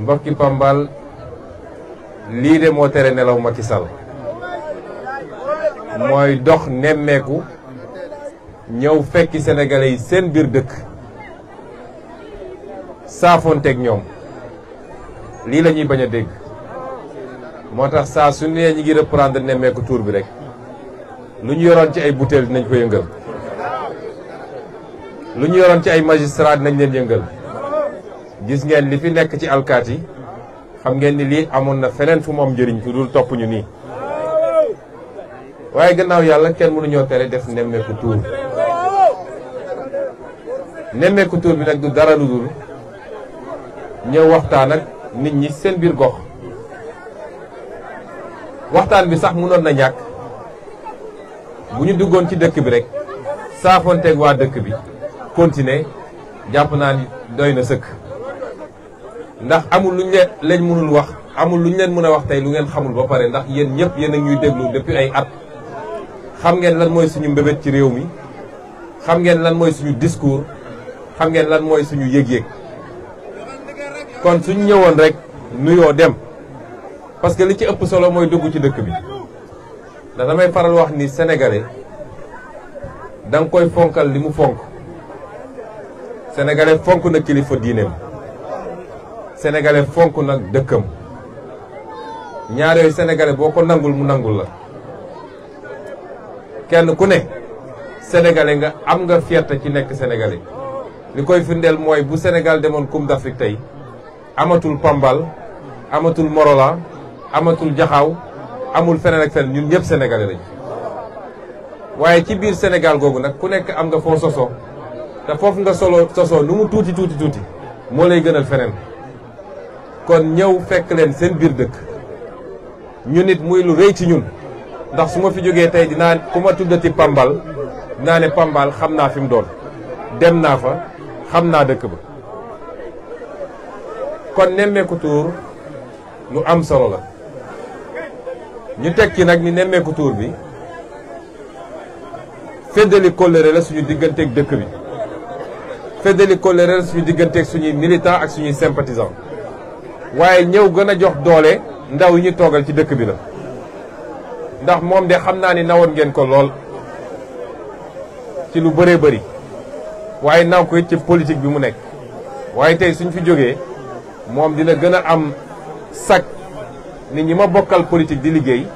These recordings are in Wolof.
mbokki Pambal li de mo téré nelaw Macky Sall moy dox nemmeeku ñew fekki sénégalais yi seen biir dëkk sa fonté ak ñom li lañuy baña dégg motax sa su nee ñi ngi reprendre tour bi rek lu ñu ci ay bouteille dinañ ko yëngal lu ñu ci ay magistrat dinañ leen yëngal gis ngeen li fi nekk ci alkaat xam ngeen ni lii amoon na feneen fu moom am njëriñ fu dul topp nii waaye gannaaw yàlla kenn mënuñoo tere def nemmeeku tuur nemmeeku tuur bi nag du dara lu dul ñëw waxtaan ak nit ñi seen biir gox waxtaan bi sax mënoon na ñàkk bu ñu duggoon ci dëkk bi rek saafonteeg waa dëkk bi continuer jàpp naa ni doy na sëkk ndax amul luñ leen lañ mënul wax amul luñ leen mën a wax tey lu ngeen xamul ba pare ndax yéen ñëpp yéen a ñuy déglu depuis ay at xam ngeen lan mooy suñu mbébét ci réew mi xam ngeen lan mooy suñu discours xam ngeen lan mooy suñu yëg-yëg kon suñu ñëwoon rek nuyoo dem parce que li ci ëpp solo mooy dugg ci dëkk bi da damay faral wax ni sénégalais da nga koy fonkal li fonk sénégalais fonk na kilifa diineem sénégalais fonk nag dëkkam ñaar yooyu boo ko nangul mu nangul la kenn ku ne sénégalais nga am nga fierté ci nekk sénégalais li koy firndeel mooy bu senegal demoon Coupe d'Afrique tey amatul Pambal amatul Morola amatul jaxaw amul feneen ak feneen ñun ñëpp sénégalais lañu waaye ci biir Sénégal googu nag ku nekk am nga foo soso te foofu nga solo soso nu mu tuuti tuuti tuuti moo lay gënal feneen kon ñëw fekk leen seen biir dëkk ñu nit muy lu rëy ci ñun ndax su ma fi jógee tey dinaa ku ma tuddati Pambal naa ne Pambal xam naa fi mu doon dem naa fa xam naa dëkk ba kon nemmeeku tuur lu am solo la ñu tekki nag ni nemmeeku tuur bi feddali kóllëre la suñu digganteeg dëkk bi feddali kóllëre la suñu digganteeg suñuy militant ak suñuy sympathisant waaye ñëw gën a jox doole ndaw yi ñu toogal ci dëkk bi la ndax moom de xam naa ni nawoon ngeen ko lool ci lu bëree bari waaye naw ko ci politique bi mu nekk waaye tey suñ fi jógee moom dina gën a am sac nit ñi ma bokkal politique di liggéey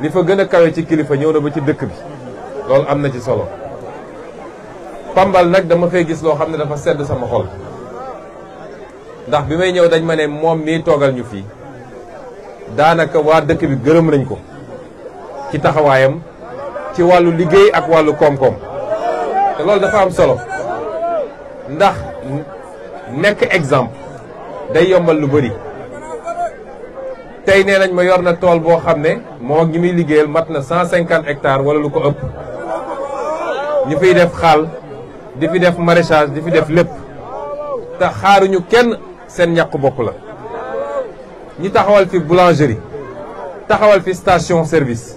li fa gën a kawe ci kilifa ñëw na ba ci dëkk bi loolu am na ci solo Pambal nag dama fay gis loo xam ne dafa sedd sama xol ndax bi may ñëw dañ ma ne moom mii toogal ñu fi danaka wa dëkk bi gëreum nañ ko ci taxawayam ci walu liggéey ak walu kom kom té lool dafa am solo ndax nek exemple day yombal lu bari tay né nañ ma yor na tol bo xamné mo ngi mi liggéeyal mat 150 hectares wala lu ko ëpp ñu fi def xaal di fi def maraîchage di fi def ta te ñu kenn seen ñàkk bopp la ñu taxawal fi boulangerie taxawal fi station service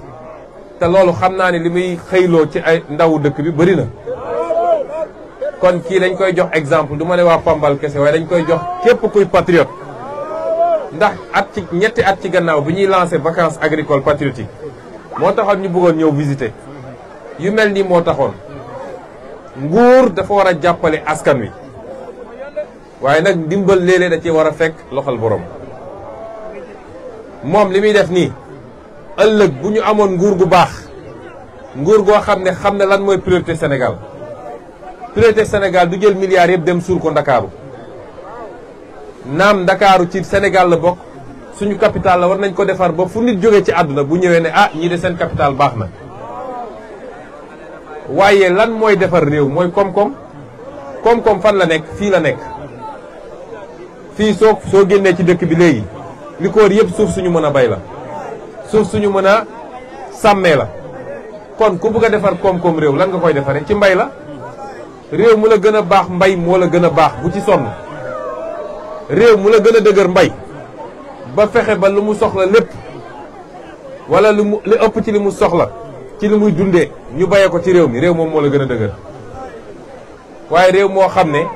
te loolu xam naa ne li muy xëyloo ci ay ndawu dëkk bi bëri na kon kii dañ koy jox exemple du ma ne waa Pambal kese waaye dañ koy jox képp kuy patriote ndax at ci ñetti at ci gannaaw bi ñuy lancé vacances agricoles patriotiques moo taxoon ñu bëggoon ñëw visiter yu mel nii moo taxoon nguur dafa war a jàppale askan wi waaye nag ndimbal léeg-léeg ci war a fekk loxol borom moom li muy def nii ëllëg bu ñu amoon nguur gu baax nguur goo xam ne xam ne lan mooy priorité senegal priorité Sénégal du jël milliards yëpp dem suur ko Ndakaaru naam Ndakaaru ci senegal la bokk suñu capital la war nañ ko defar ba fu nit jógee ci àdduna bu ñëwee ne a ah, ñii de seen capital baax na waaye lan mooy defar réew mooy koom-koom koom-koom fan la nekk fii la nekk fii soo soo génnee ci dëkk bi léegi li ko wër yëpp suuf suñu mën a bay la suuf suñu mën a sàmmee la kon ku bugg a defar koom-koom réew lan nga koy defaree ci mbay la réew mu la gën a baax mbay moo la gën a baax bu ci sonn réew mu la gën a dëgër mbay ba fexe ba lu mu soxla lépp walla lu mu li ëpp ci li mu soxla ci li muy dundee ñu bayee ko ci réew mi réew moom moo la gën a dëgër waaye réew moo xam ne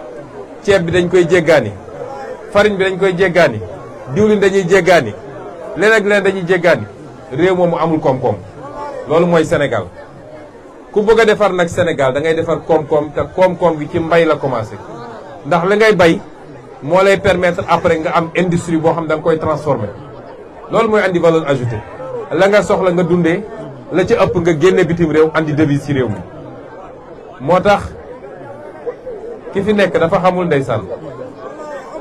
ceeb bi dañ koy jéggaani farine bi dañ koy jéggaani diwlin dañuy jéggaani leneen ak leneen dañuy réew amul komkom, kom lolou moy Sénégal ku bëgg défar defar nag Sénégal da ngay defar komkom kom te kom kom gi ci mbay la commencé ndax la ngay bay mo lay permettre après nga am industrie bo xam da koy transformer lolou moy andi valeur ajoutée la nga soxla nga dundé la ci ëpp nga génné bitim réew andi devise ci réew mi moo tax ki fi nek dafa xamul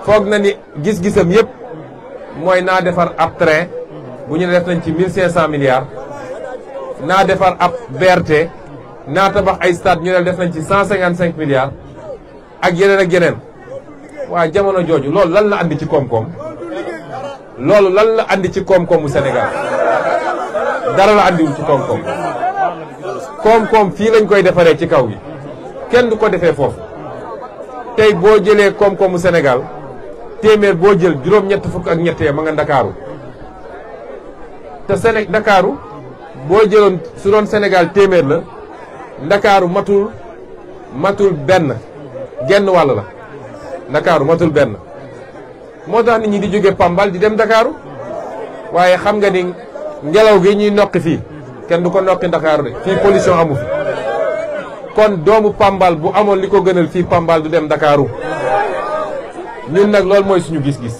foog na ni gis-gisam yëpp mooy naa defar ab train bu ñu ne def nañ ci mille cinq cent milliards naa defar ab BRT naa tabax ay stade ñu ne def nañ ci cent cinquante cinq milliards ak yeneen ak yeneen waa jamono jooju loolu lan la àndi ci koom-koom loolu lan la àndi ci koom-koomu Sénégal dara la andiwul ci koom-koom koom-koom fii lañ koy defaree ci kaw gi kenn du ko defee foofu tey boo jëlee koom-koomu Sénégal Temer bo jël juroom ñett fuk ak ñett ya ma nga ndakaaru te Séné dakaru bo jëlon su doon Sénégal téeméer la dakaru matul matul ben genn wal la dakaru matul ben. mo tax nit ñi di joggé Pambal di dem Dakaru. waye xam nga ni ngelaw gi ñuy noqi fi ken du ko noqi de amu fi kon doomu Pambal bu amon liko fi gënal fi Pambal du dem Dakaru. ñun nag loolu mooy suñu gis-gis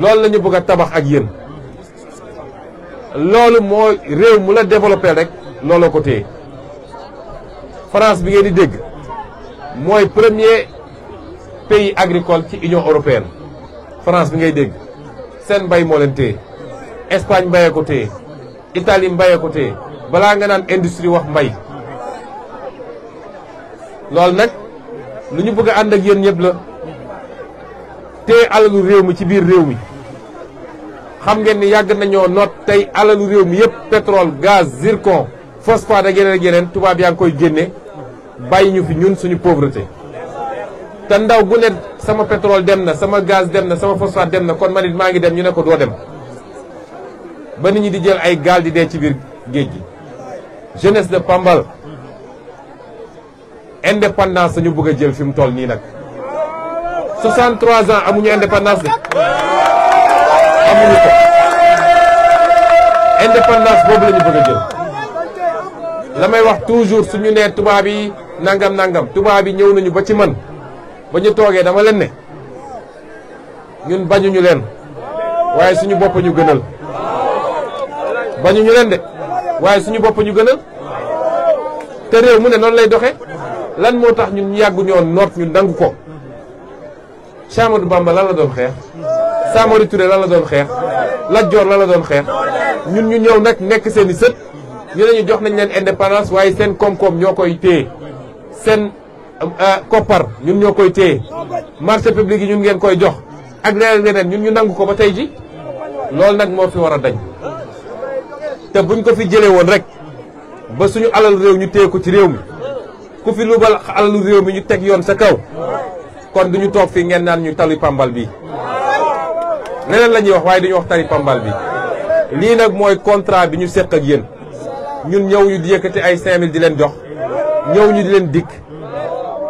loolu lañu bëgg a tabax ak yéen loolu moo réew mu la développé rek looloo ko téye France bi ngeen di dégg mooy premier pays agricole ci Union européenne France bi ngay dégg seen mbay moo leen té Espagne mbayee ko téye Italie mbayee ko téye balaa nga naan industrie wax mbay loolu nag lu ñu bëgg a ànd ak yéen ñëpp la. te alalu réew mi ci biir réew mi xam ngeen ni yàgg nañoo noot tey alalu réew mi yëpp pétrole gaz zircon phosphate ak yeneen ak tubaab yaa ngi koy génne bàyyi ñu fi ñun suñu pauvreté te ndaw bu ne sama pétrole dem na sama gaz dem na sama phosphate dem na kon man maa ngi dem ñu ne ko doo dem ba nit ñi di jël ay gaal di dee ci biir géej gi jeunesse de Pambal indépendance sañu bëgg a jël fi mu toll nii nag 63 ans amuñu indépendance de amuñu boobu la bëgg a jël la may wax toujours suñu nee tubaab yi nangam nangam tubaab yi ñëw nañu ba ci man ba ñu toogee dama leen ne ñun bañuñu leen waaye suñu bopp ñu gënal bañuñu leen de waaye suñu bopp ñu gënal te réew mu ne noonu lay doxe lan moo tax ñun ñu yàgguñoon noot ñu nangu ko Cheikh Amadou Bamba lan la doon xeex Samori ture lan la doon xeex Lat Dior lan la doon xeex ñun ñu ñëw nag nekk seen i sët ñu ne ñu jox nañ leen indépendance waaye seen koom-koom ñoo koy téye seen euh, euh, koppar ñun ñoo koy téye marché public yi ñun ngeen koy jox ak leneen leneen ñun ñu nangu ko ba tey ji loolu nag moo fi war a dañ te buñ ko fi jëlee woon rek ba suñu alal réew ñu téye ko ci réew mi ku fi lubal alalu réew mi ñu teg yoon sa kaw kon duñu ñu toog fii ngeen naan ñu tali pambal bi leneen la ñuy wax waaye dañu wax tali pambal bi lii nag mooy contrat bi ñu séq ak yéen ñun ñëw ñu di yëkkati ay 5000 di leen jox ñëw ñu di leen dikk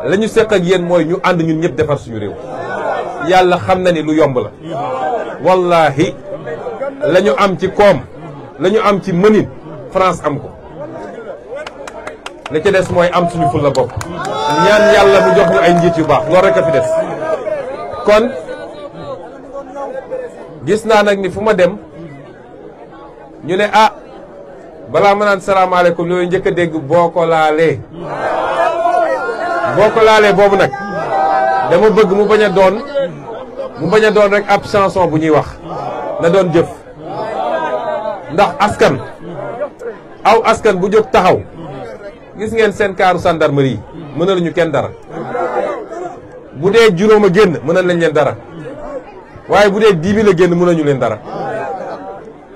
la ñu séq ak yéen mooy ñu ànd ñun ñëpp defar suñu réew yàlla xam na ni lu yomb la wallaahi lañu am ci koom la ñu am ci mënin France am ko la ci des moy am suñu ful la bopp ñaan yalla mu jox ñu ay njit yu baax loolu rek fi dess kon gis na nak ni fuma dem ñu ne ah bala ma nan salam alaykum ñoy a dégg boko laalé boko laalé bobu nak dama bëgg mu baña doon mu baña doon rek absence bu ñuy wax na doon jëf ndax askan aw askan bu jog taxaw gis ngeen seen kaaru gendarmerie nañu kenn dara bu dee juróom a génn mënal nañ leen dara waaye bu dee dix mille a génn mënañu leen dara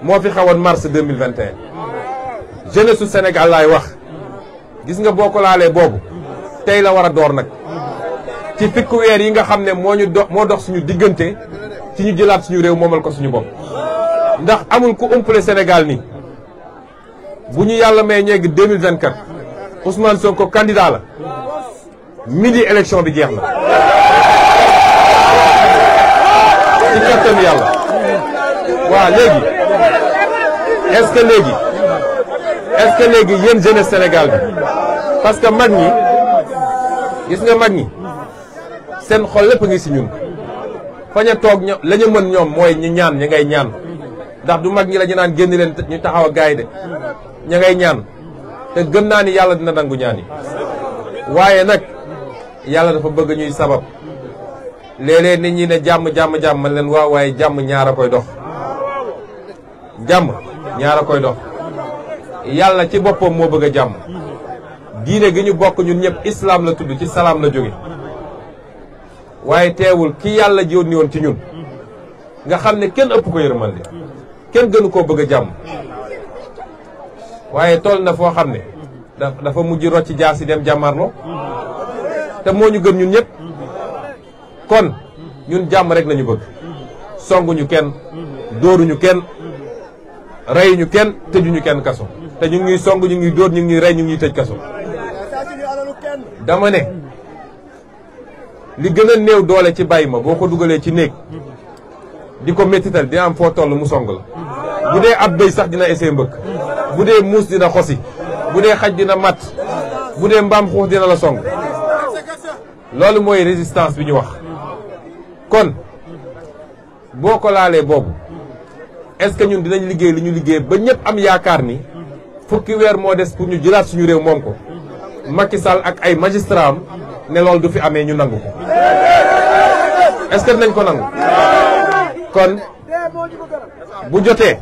moo fi xawoon mars 2021 jeunesse su Sénégal laay wax gis nga boo ko laalee boobu tey la war a door nag ci fikku weer yi nga xam ne moo dox moo dox suñu diggante ci ñu jëlaat suñu réew moomal ko suñu bopp ndax amul ku umpale Sénégal ni bu ñu yàlla may ñeeg 2024 Ousmane Sonko candidat la midi élection bi jeex na ci katam yalla wa légui est-ce que léegi est-ce que léegi yéen jeunesse Sénégal bi parce que magni gis nga magni sen xol lepp ngi ci ñun fañ a toog mën ñom moy ñi ñaan ñi ngay ñaan ndax du magni lañu naan genn leen ñu taxaw gaay de ñi ngay ñaan te gëm naa ni yàlla dina nangu ñaan yi waaye nag yàlla dafa bëgg ñuy sabab léeg nit ñi ne jàmm jàmm jàmm leen waaw waaye jàmm ñaar a koy dox jàmm ñaar a koy dox yàlla ci boppam moo bëgg a jàmm diine gi ñu bokk ñun ñëpp islaam la tudd ci salaam la jóge waaye teewul ki yàlla yónni woon ci ñun nga xam ne kenn ëpp ko yërmande kenn gënu koo bëgg a jàmm waaye toll na foo xam ne dafa mujj rocc jaas yi dem jàmmarlo te moo ñu gën ñun ñëpp kon ñun jàmm rek lañu bëgg songuñu kenn dóoruñu kenn reyuñu kenn tëjuñu kenn kaso te ñu ngi song ñu ngi dóor ñu ngi rey ñu ngi tëj kaso dama ne li gën a néew doole ci bàyyi ma boo ko dugalee ci néeg di ko métital dina am foo toll mu song la bu dee ab béy sax dina essayé mbëkk bu dee muus dina xosi bu dee xaj dina mat bu dee mbaam xuux dina la song loolu mooy résistance bi ñu wax kon boo ko laalee boobu est-ce que ñun dinañ liggéey li ñu liggéey ba ñëpp am yaakaar ni fukki weer moo des pour ñu jëlaat suñu réew moom ko Macky Sall ak ay magistrat am ne loolu du fi amee ñu nangu ko est dinañ ko nangu kon bu jotee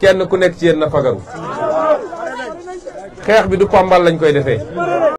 kenn ku nekk ci yenn na fagaru xeex bi du Pambal lañ koy defee